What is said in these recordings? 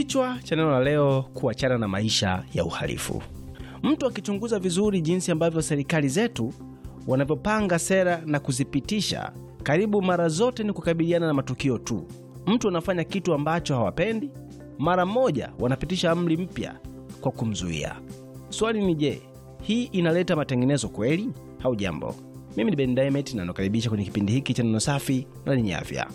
Kichwa cha neno la leo: kuachana na maisha ya uhalifu. Mtu akichunguza vizuri jinsi ambavyo serikali zetu wanavyopanga sera na kuzipitisha, karibu mara zote ni kukabiliana na matukio tu. Mtu anafanya kitu ambacho hawapendi, mara moja wanapitisha amri mpya kwa kumzuia. Swali ni je, hii inaleta matengenezo kweli? jambo mimi ni Ben Diamond na nakaribisha kwenye kipindi hiki cha neno safi na lenye afya.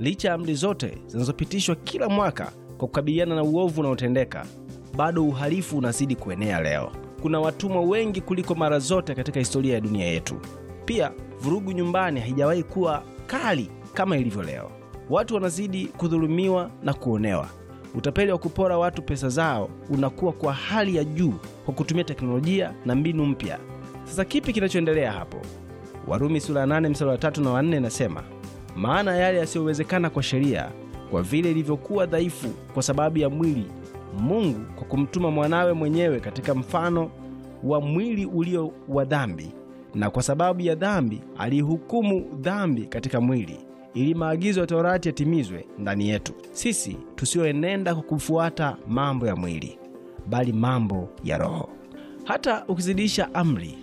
Licha ya amri zote zinazopitishwa kila mwaka kwa kukabiliana na uovu unaotendeka, bado uhalifu unazidi kuenea leo. Kuna watumwa wengi kuliko mara zote katika historia ya dunia yetu. Pia vurugu nyumbani haijawahi kuwa kali kama ilivyo leo. Watu wanazidi kudhulumiwa na kuonewa. Utapeli wa kupora watu pesa zao unakuwa kwa hali ya juu kwa kutumia teknolojia na mbinu mpya. Sasa kipi kinachoendelea hapo? Warumi sura ya 8 mstari wa 3 na 4 inasema, maana yale yasiyowezekana kwa sheria kwa vile ilivyokuwa dhaifu kwa sababu ya mwili, Mungu kwa kumtuma mwanawe mwenyewe katika mfano wa mwili ulio wa dhambi, na kwa sababu ya dhambi alihukumu dhambi katika mwili, ili maagizo ya Torati yatimizwe ndani yetu sisi tusiyoenenda kwa kufuata mambo ya mwili, bali mambo ya Roho. Hata ukizidisha amri,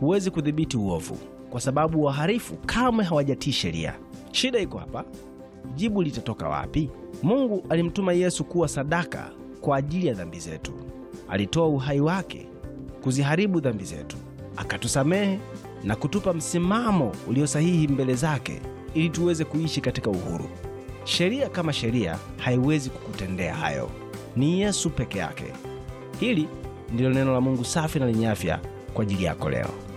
huwezi kudhibiti uovu, kwa sababu waharifu kamwe hawajatii sheria. Shida iko hapa jibu litatoka wapi? Mungu alimtuma Yesu kuwa sadaka kwa ajili ya dhambi zetu. Alitoa uhai wake kuziharibu dhambi zetu, akatusamehe na kutupa msimamo ulio sahihi mbele zake ili tuweze kuishi katika uhuru. Sheria kama sheria haiwezi kukutendea hayo, ni Yesu peke yake. Hili ndilo neno la Mungu safi na lenye afya kwa ajili yako leo.